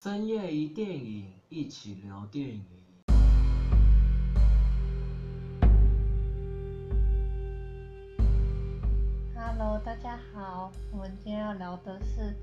深夜一電影，一起聊電影。Hello，大家好，我們今天要聊的是《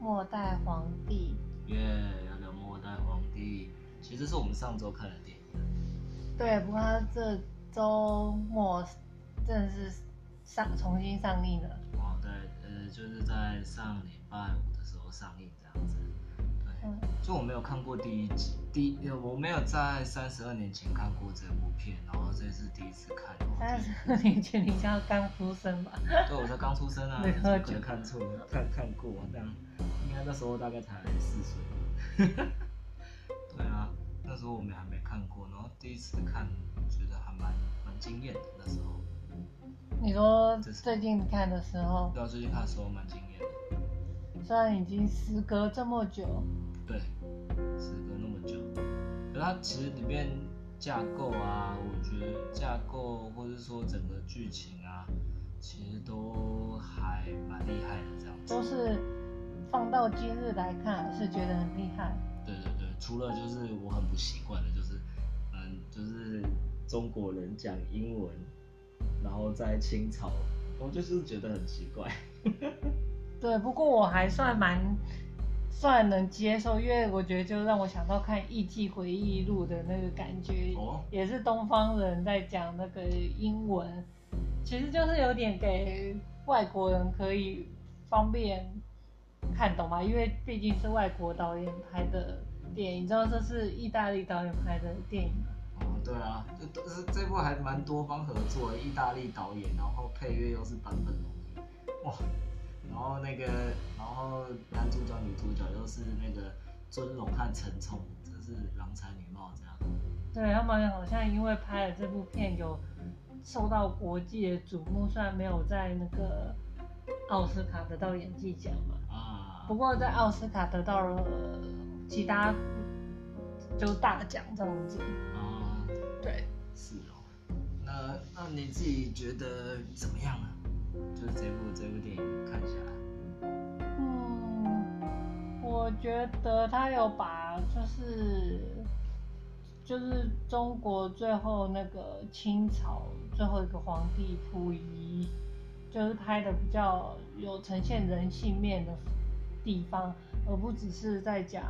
末代皇帝》。耶，要聊《末代皇帝》，其實是我們上周看的電影的。對，不過他這週末真的是上重新上映了。哦，對，呃，就是在上禮拜五的時候上映這樣子。就我沒有看過第一集，第一我沒有在三十二年前看過這部片，然後這是第一次看。三十二年前你，你像剛出生吧？對，我說剛出生啊！沒 有看錯， 看看過但應該、嗯、那時候大概才四歲。 對啊，那時候我們還沒看過，然後第一次看，覺得還蠻蠻驚艷的。那時候你說，最近看的時候，時候，對啊，最近看的時候蠻驚艷的。雖然已經時隔這麼久，嗯、對，時隔那麼久，可是它其實裡面架構啊，我覺得架構或者說整個劇情啊，其實都還蠻厲害的。這樣子都是放到今日來看，是覺得很厲害、嗯。對對對，除了就是我很不習慣的，就是嗯，就是中國人講英文，然後在清朝，我就是覺得很奇怪。 對，不過我還算蠻算能接受，因為我覺得就讓我想到看《藝伎回憶錄》的那個感覺，哦、也是東方人在講那個英文，其實就是有點給外國人可以方便看懂嘛，因為畢竟是外國導演拍的電影，你知道這是意大利導演拍的電影嗎？哦，對啊，這都是這部還蠻多方合作的，意大利導演，然後配樂又是坂本龍一，哦嗯、哇。然後那個，然後男主角女主角又是那個尊龍和陳沖，真是郎才女貌這樣。對，他們好像因為拍了這部片有受到國際的矚目，雖然沒有在那個奧斯卡得到演技獎嘛，啊，不過在奧斯卡得到了，呃、其他就是大的獎這樣子。啊，對，是哦。那那你自己覺得怎麼樣呢，啊。就是這部這部電影看起來，嗯，我覺得他有把就是就是中國最後那個清朝最後一個皇帝溥儀，就是拍的比較有呈現人性面的地方，而不只是在講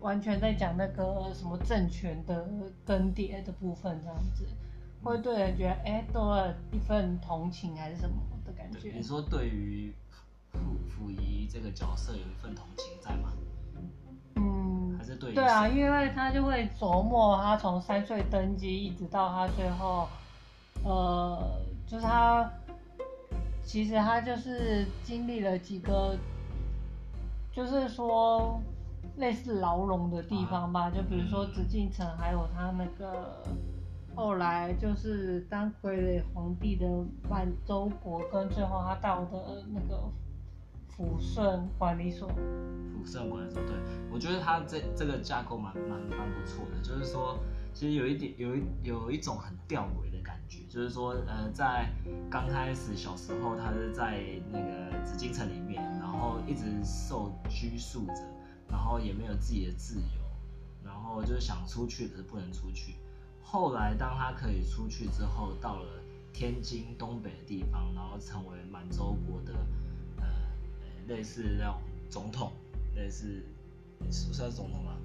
完全在講那個什麼政權的更迭的部分這樣子。會對人覺得哎、欸、多了一份同情還是什麼的感覺？你說，對於溥溥儀這個角色有一份同情在嗎？嗯，還是對，對啊，因為他就會琢磨他從三歲登基一直到他最後，呃，就是他其實他就是經歷了幾個，就是說類似牢籠的地方吧、啊，就比如說紫禁城，還有他那個。後來就是當傀儡皇帝的滿洲國，跟最後他到的那個撫順管理所。撫順管理所，對，我覺得他這這個架構蠻蠻蠻不錯的，就是說其實有一點，有一有一種很吊詭的感覺，就是說呃，在剛開始小時候他是在那個紫禁城裡面，然後一直受拘束着，然後也沒有自己的自由，然後就是想出去，可是不能出去。後來，當他可以出去之後，到了天津東北的地方，然後成為滿洲國的呃類似那種總統，類似，是不是總統嗎？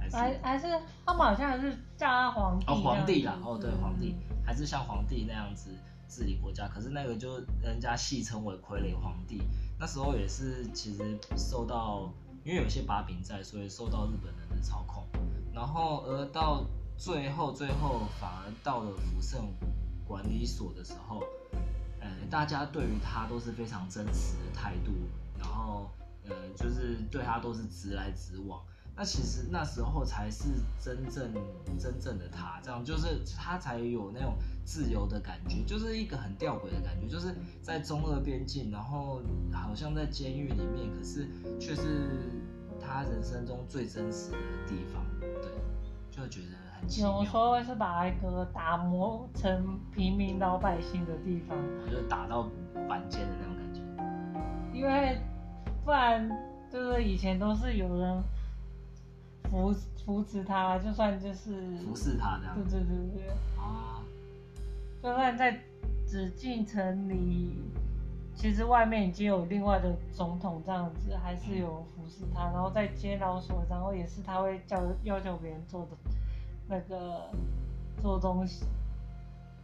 還是還是他們好像還是叫他皇帝啊、哦，皇帝啦，哦對，皇帝，還是像皇帝那樣子治理國家。可是那個就人家戲稱為傀儡皇帝。那時候也是其實受到，因為有些把柄在，所以受到日本人的操控。然後而到。最後,最後，最後反而到了撫順管理所的時候，呃，大家對於他都是非常真實的態度，然後，呃，就是對他都是直來直往。那其實那時候才是真正真正的他，這樣就是他才有那種自由的感覺，就是一個很吊詭的感覺，就是在中俄邊境，然後好像在監獄裡面，可是卻是他人生中最真實的地方，對。就覺得很。有時候會是把一個打磨成平民老百姓的地方，就是打到凡間的那種感覺。因為不然就是以前都是有人扶扶持他，就算就是扶持他這樣。對，對對對對。啊。就算在紫禁城裡。其實外面已經有另外的總統這樣子，還是有服侍他，然後在街道所，然後也是他會叫要求別人做的那個做東西，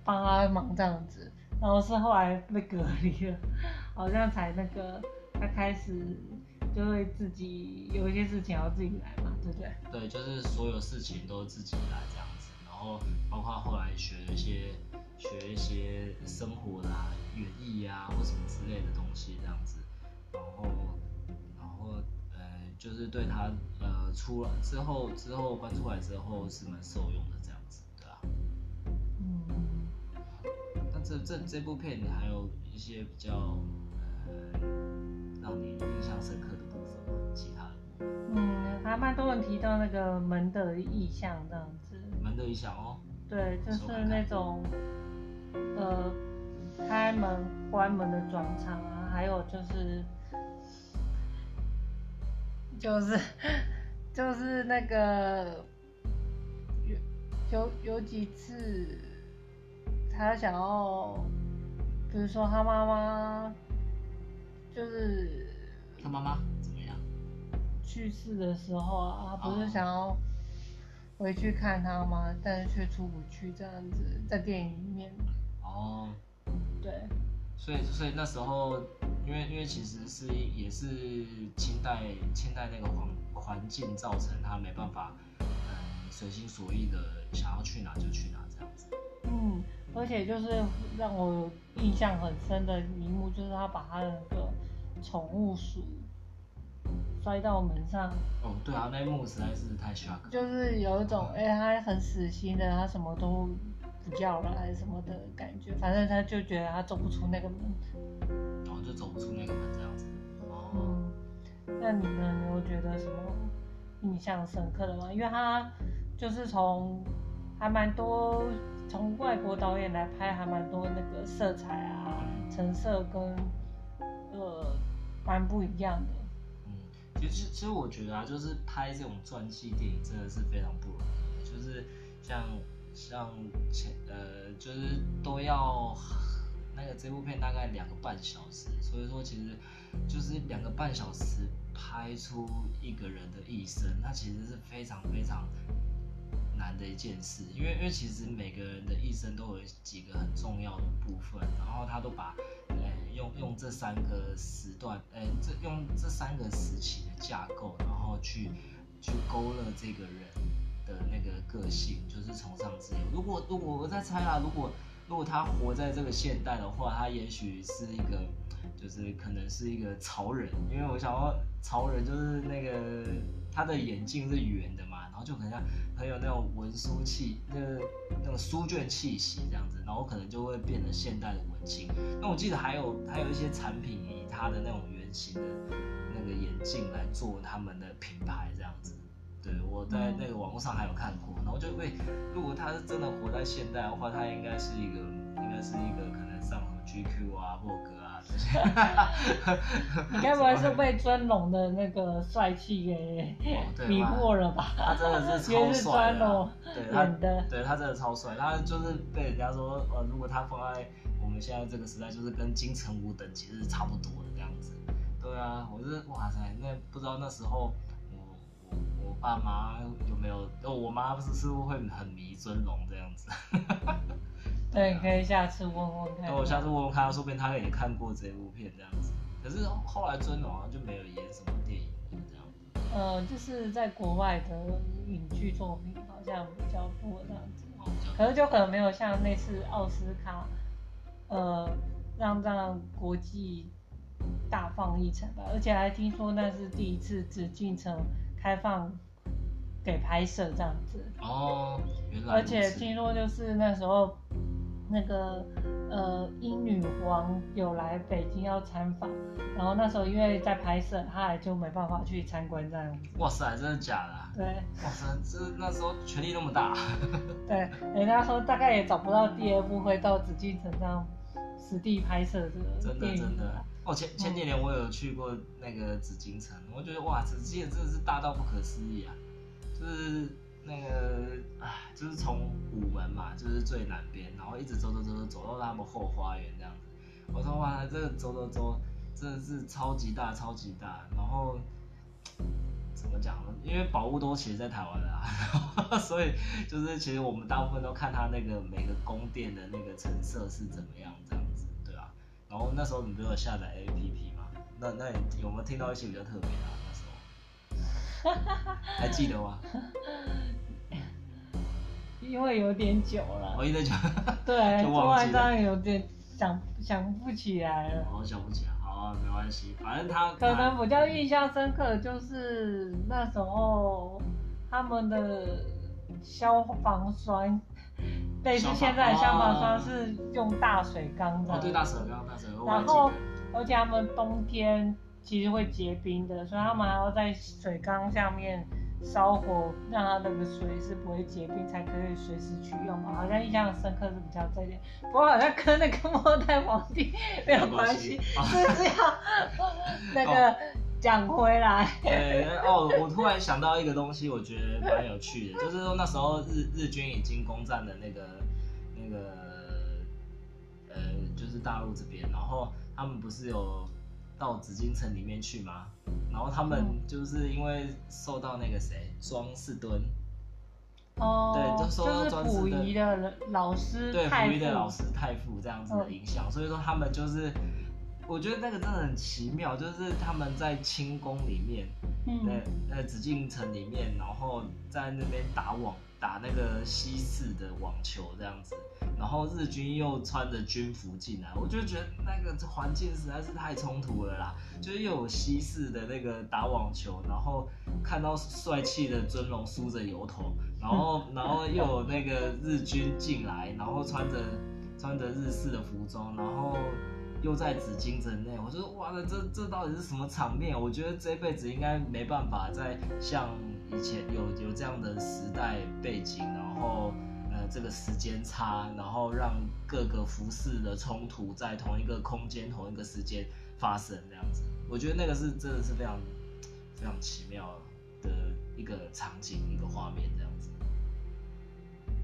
幫他忙這樣子。然後是後來被隔離了，好像才那個他開始就會自己有一些事情要自己來嘛，對不對？對，就是所有事情都自己來這樣子。然後包括後來學一些學一些生活的。啊，或什麼之類的東西，這樣子，然後，然後，呃，就是對他，呃，出了之後，之後搬出來之後是蠻受用的，這樣子，對吧，啊？嗯。這這這部片還有一些比較、呃、讓你印象深刻的部分其他的？嗯，他們都能提到那個門的意象這樣子。門的意象哦。對，就是那種，嗯、呃。開門、關門的轉場啊，還有就是，就是就是那個有有有幾次，他想要，就是說他媽媽，就是他媽媽怎麼樣？去世的時候啊，不是想要回去看他嗎？Oh. 但是卻出不去，這樣子在電影裡面。哦、oh.。對，所以所以那時候，因為因為其實是也是清代清代那個環環境造成他沒辦法，嗯，隨心所欲的想要去哪就去哪，這樣子。嗯，而且就是讓我印象很深的一幕、嗯，就是他把他的那個寵物鼠摔到門上。哦，對啊，嗯、那幕實在是太 shock，就是有一種，哎、欸，他很死心的，他什麼都。不叫了還是什麼的感覺，反正他就覺得他走不出那個門，然、哦、後就走不出那個門這樣子。哦，嗯、那你們有覺得什麼印象深刻的嗎？因為他就是從還蠻多從外國導演來拍，還蠻多那個色彩啊，成色跟呃蠻不一樣的。嗯，其實其實我覺得啊，就是拍這種傳記電影真的是非常不容易，就是像。像前呃，就是都要那個，這部片大概兩個半小時，所以說其實就是兩個半小時拍出一個人的一生，那其實是非常非常難的一件事，因為因為其實每個人的一生都有幾個很重要的部分，然後他都把呃、欸、用用這三個時段，呃、欸、這用這三個時期的架構，然後去去勾勒這個人。的那個個性就是崇尚自由。如果如果我再猜啊，如果如果他活在這個現代的話，他也許是一個，就是可能是一個潮人，因為我想要潮人就是那個他的眼鏡是圓的嘛，然後就很像，很有那種文書氣，那個那個書卷氣息這樣子，然後可能就會變成現代的文青。那我記得還有還有一些產品以他的那種圓形的那個眼鏡來做他們的品牌這樣子。對，我在那個網絡上還有看過，然後就被，因為如果他是真的活在現代的話，他應該是一個，應該是一個可能上什麼 GQ 啊、Vogue 啊這些。 你該不會是被尊龍的那個帥氣給迷惑了吧,、哦、吧？他真的是超帥、啊。對，他，對他真的超帥。他就是被人家說，呃、啊，如果他放在我們現在這個時代，就是跟金城武等級是差不多的這樣子。對啊，我是哇塞，那不知道那時候。爸媽有沒有？哦，我媽不是是不是會很迷尊龍這樣子。對，可以下次問問看。那我下次問問看，說不定他也看過這部片這樣子。可是後來尊龍好像就沒有演什麼電影這樣子。呃，就是在國外的影劇作品好像比較多這樣子。可是就可能沒有像那次奧斯卡，呃，讓讓國際大放異彩吧。而且還聽說那是第一次紫禁城開放。給拍攝這樣子哦，原來，而且聽說就是那時候，那個呃，英女王有來北京要參訪，然後那時候因為在拍攝，她也就沒辦法去參觀這樣子。哇塞，真的假的、啊？對，哇塞，這、就是、那時候權力那麼大、啊。 對，人家說大概也找不到第二部會到紫禁城上實地拍攝這個電影、啊、真的真的，哦，前前幾年我有去過那個紫禁城，嗯、我覺得哇，紫禁城真的是大到不可思議啊。就是那個，哎，就是從午門嘛，就是最南邊，然後一直走走走走走到他們後花園這樣子。我說哇，這個走走走，真的是超級大，超級大。然後怎麼講呢？因為寶物都其實在台灣啊，然後，所以就是其實我們大部分都看他那個每個宮殿的那個成色是怎麼樣這樣子，對吧，啊？然後那時候你不是有下載 APP 嗎？那那你有沒有聽到一些比較特別的啊？ 還記得嗎？ 因為有點久了。我一直講。對，突然間有點想想不起來了、嗯。我想不起來，好啊，沒關係，反正他。可能比較印象深刻就是 那時候他們的消防栓， 類似現在的消防栓是用大水缸的。對，大水缸。然後，而且他們冬天。其實會結冰的，所以他們還要在水缸下面燒火，讓他的那個水是不會結冰，才可以隨時取用嘛。好像印象深刻是比較這點，不過好像跟那個末代皇帝沒有關係，就、哦、是，是要那個講回來哦、 欸。哦，我突然想到一個東西，我覺得蠻有趣的， 就是說那時候日日軍已經攻占了那個那個呃，就是大陸這邊，然後他們不是有。到紫禁城裡面去嗎？然後他們就是因為受到那個誰莊士敦，哦、嗯，對，就受到溥儀的老師，對溥儀的老師太傅這樣子的影響、嗯，所以說他們就是，我覺得那個真的很奇妙，就是他們在清宮裡面，嗯，在在紫禁城裡面，然後在那邊打網打那個西式的網球這樣子。然後日軍又穿着軍服進來，我就覺得那個環境實在是太衝突了啦。就是又有西式的那個打網球，然後看到帥氣的尊龍梳着油頭，然後然後又有那個日軍進來，然後穿着穿着日式的服裝，然後又在紫禁城內，我就說哇，這這到底是什麼場面？我覺得這輩子應該沒辦法再像以前有有這樣的時代背景，然後。這個時間差，然後讓各個服飾的衝突在同一個空間、同一個時間發生，這樣子，我覺得那個是真的是非常非常奇妙的一個場景、一個畫面，這樣子。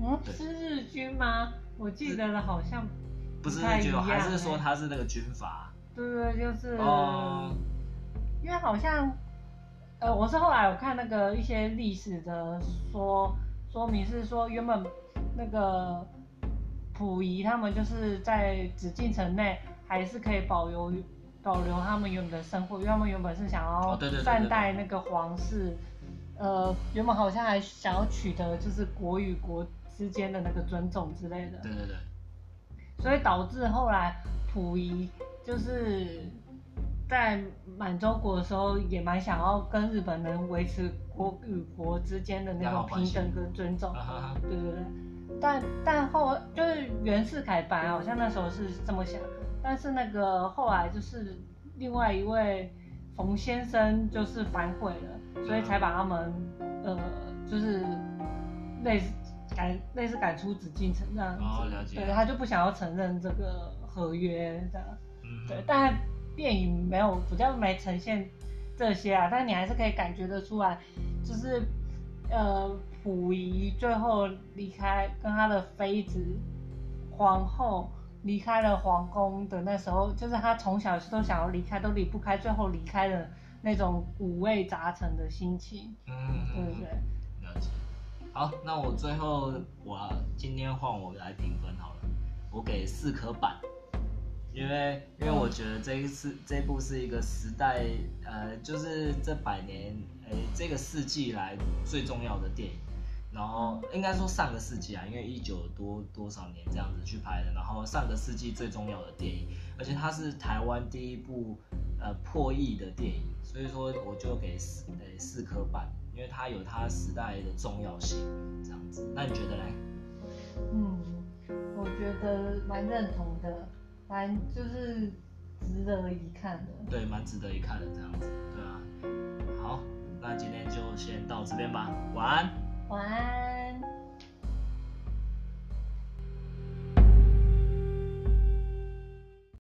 嗯，是日軍嗎？我記得了，好像不是，日軍，還是說他是那個軍閥？欸、對對，就是、嗯，因為好像，呃，我是後來有看那個一些歷史的說說明，是說原本。那個溥儀他們就是在紫禁城內，還是可以保留保留他們原本的生活，因為他們原本是想要善待那個皇室，哦，對對對對對對，呃，原本好像還想要取得就是國與國之間的那個尊重之類的。對對對。所以導致後來溥儀就是在滿洲國的時候，也蠻想要跟日本人維持國與國之間的那種平等跟尊重，啊。對對對。但但後就是袁世凱吧、哦，好像那時候是這麼想。但是那個後來就是另外一位馮先生就是反悔了，所以才把他們、嗯、呃就是類似趕類似趕出紫禁城這樣子。哦，了解。對他就不想要承認這個合約這樣、嗯。對，但電影沒有，比較沒呈現這些啊。但你還是可以感覺得出來，就是呃。溥儀最後離開，跟他的妃子、皇后離開了皇宮的那時候，就是他從小都想要離開，都離不開，最後離開的那種五味雜陳的心情，嗯，對不對？嗯嗯嗯、了解、好，那我最後我今天換我來評分好了，我給四顆半。因為因為我覺得這一次、嗯、這一部是一個時代，呃，就是這百年，呃、這個世紀來最重要的電影。然後應該說上個世紀啊，因為一九多多少年這樣子去拍的。然後上個世紀最重要的電影，而且它是台灣第一部呃破億的電影，所以說我就給四呃四顆半，因為它有它時代的重要性這樣子。那你覺得呢？嗯，我覺得蠻認同的，蠻就是值得一看的。對，蠻值得一看的這樣子，對啊。好，那今天就先到這邊吧，晚安。晚安。